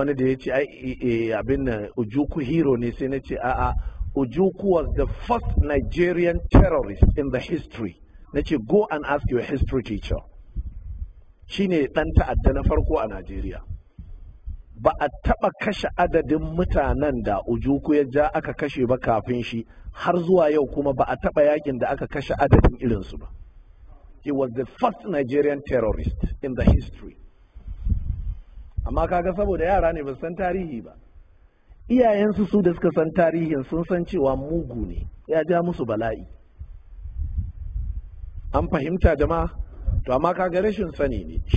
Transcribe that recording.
wani da ya ce eh, eh, abin nan ujuku hero ne sai na ce a'a ujuku was the first nigerian terrorist in the history na ce go and ask your history teacher Shi ne ɗan ta'adda na farko a najeriya ba a taɓa kashe adadin mutanen da ujuku ya ja aka kashe ba kafin shi har zuwa yau kuma ba a taɓa yakin da aka kashe adadin irinsu ba he was the first nigerian terrorist in the history amma kaga saboda yara ne ba san tarihi ba iyayensu su da suka san tarihin sun san cewa mugu ne ya ja musu bala'i an fahimta jama'a to amma kaga rashin sani ne